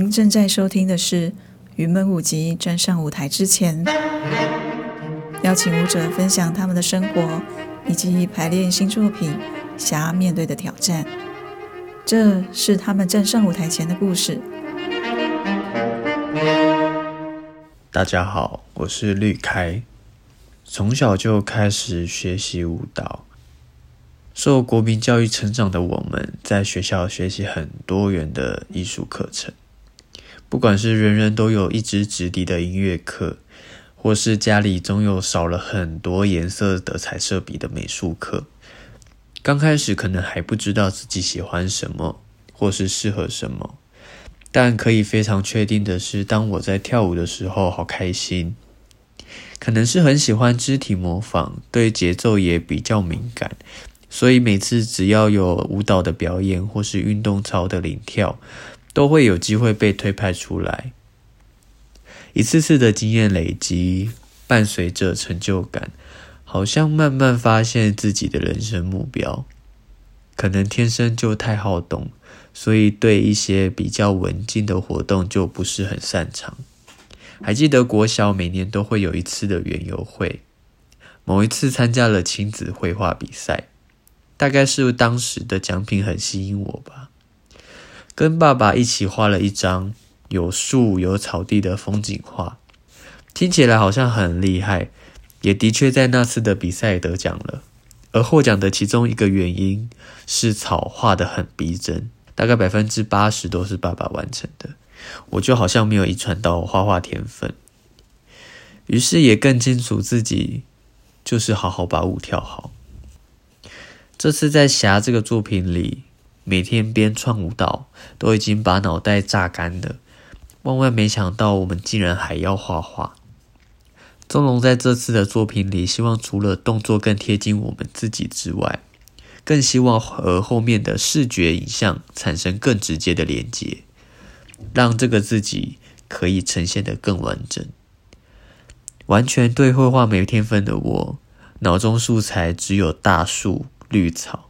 您正在收聽的是《雲門舞集》，站上舞台之前，邀請舞者分享他們的生活以及排練新作品、想要面對的挑戰。這是他們站上舞台前的故事。大家好，我是律開，從小就開始學習舞蹈。受國民教育成長的我們，在學校學習很多元的藝術課程。不管是人人都有一支直笛的音樂課，或是家裡總有少了很多顏色的彩色筆的美術課，剛開始可能還不知道自己喜歡什麼，或是適合什麼，但可以非常確定的是，當我在跳舞的時候，好開心。可能是很喜歡肢體模仿，對節奏也比較敏感，所以每次只要有舞蹈的表演或是運動操的領跳。都會有機會被推派出來，一次次的經驗累積伴隨着成就感，好像慢慢發現自己的人生目標。可能天生就太好動，所以對一些比較文靜的活動就不是很擅長。還記得國小每年都會有一次的園遊會，某一次參加了親子繪畫比賽，大概是當時的獎品很吸引我吧。跟爸爸一起畫了一張有樹有草地的風景畫，聽起來好像很厲害，也的確在那次的比賽得獎了。而獲獎的其中一個原因是草畫得很逼真，大概百分之八十都是爸爸完成的。我就好像沒有遺傳到畫畫天分，於是也更清楚自己就是好好把舞跳好。這次在《霞》這個作品裡。每天編創舞蹈都已經把腦袋榨乾了，萬萬沒想到我們竟然還要畫畫。宗龍在這次的作品裡，希望除了動作更貼近我們自己之外，更希望和後面的視覺影像產生更直接的連接，讓這個自己可以呈現得更完整。完全對繪畫沒天分的我，腦中素材只有大樹、綠草。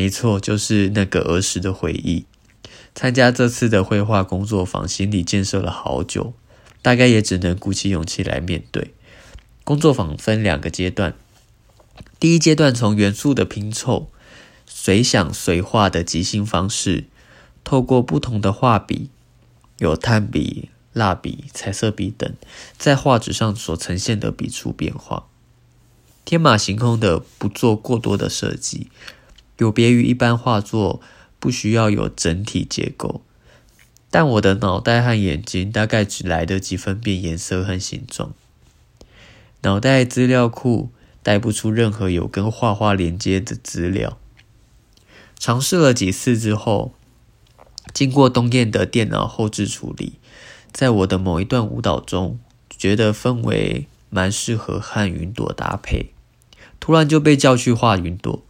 沒錯，就是那個兒時的回憶。參加這次的繪畫工作坊，心理建設了好久，大概也只能鼓起勇氣來面對。工作坊分兩個階段，第一階段從元素的拼湊，隨想隨畫的即興方式，透過不同的畫筆，有炭筆、蠟筆、彩色筆等，在畫紙上所呈現的筆觸變化，天馬行空的，不做過多的設計。有別於一般畫作，不需要有整體結構，但我的腦袋和眼睛大概只來得及分辨顏色和形狀，腦袋資料庫帶不出任何有跟畫畫連接的資料。嘗試了幾次之後，經過東彥的電腦後置處理，在我的某一段舞蹈中，覺得氛圍蠻適合和雲朵搭配，突然就被叫去畫雲朵。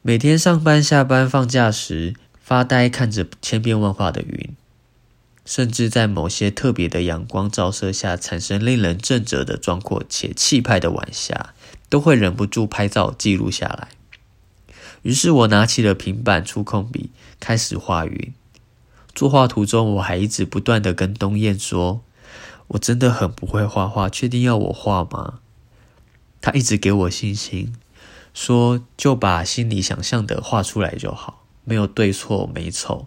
每天上班、下班、放假時發呆看着千變萬化的雲，甚至在某些特別的陽光照射下產生令人震懾的壯闊且氣派的晚霞，都會忍不住拍照記錄下來。於是我拿起了平板觸控筆，開始畫雲。作畫途中，我還一直不斷的跟東燕說：“我真的很不會畫畫，確定要我畫嗎？”他一直給我信心。說就把心裡想象的畫出來就好，沒有對錯美醜，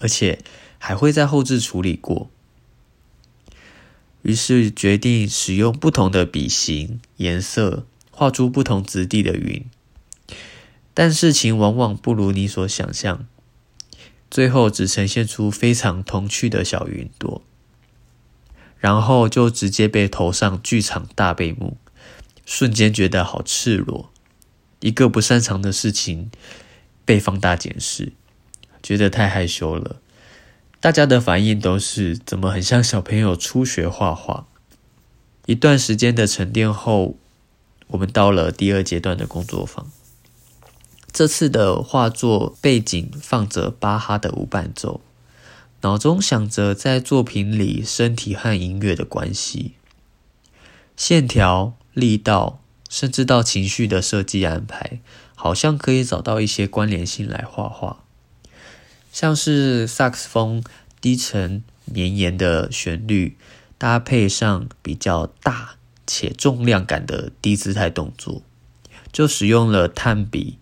而且還會在後製處理過。於是決定使用不同的筆型、顏色畫出不同質地的雲，但事情往往不如你所想象，最後只呈現出非常童趣的小雲朵，然後就直接被投上劇場大背幕，瞬間覺得好赤裸。一個不擅長的事情被放大檢視，覺得太害羞了。大家的反應都是，怎麼很像小朋友初學畫畫。一段時間的沉澱後，我們到了第二階段的工作坊。這次的畫作背景放着巴哈的無伴奏，腦中想着在作品裡身體和音樂的關係、線條力道。甚至到情緒的設計安排，好像可以找到一些關聯性來畫畫。像是薩克斯風低沉綿延的旋律，搭配上比較大且重量感的低姿態動作，就使用了炭筆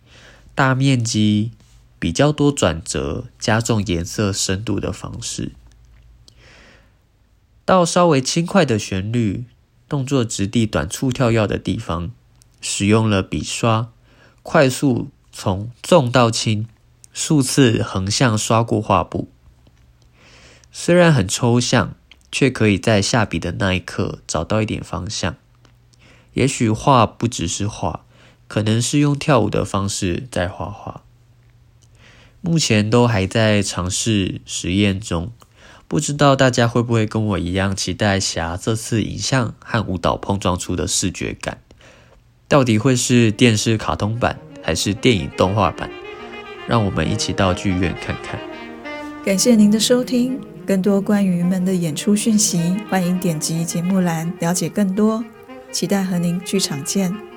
大面積、比較多轉折、加重顏色深度的方式。到稍微輕快的旋律，動作質地短促跳躍的地方。使用了筆刷，快速從重到輕，數次橫向刷過畫布。雖然很抽象，卻可以在下筆的那一刻找到一點方向。也許畫不只是畫，可能是用跳舞的方式在畫畫。目前都還在嘗試實驗中，不知道大家會不會跟我一樣期待霞這次影像和舞蹈碰撞出的視覺感。到底會是電視卡通版還是電影動畫版？讓我們一起到劇院看看。感謝您的收聽，更多關於雲門的演出訊息，歡迎點擊節目欄了解更多。期待和您劇場見。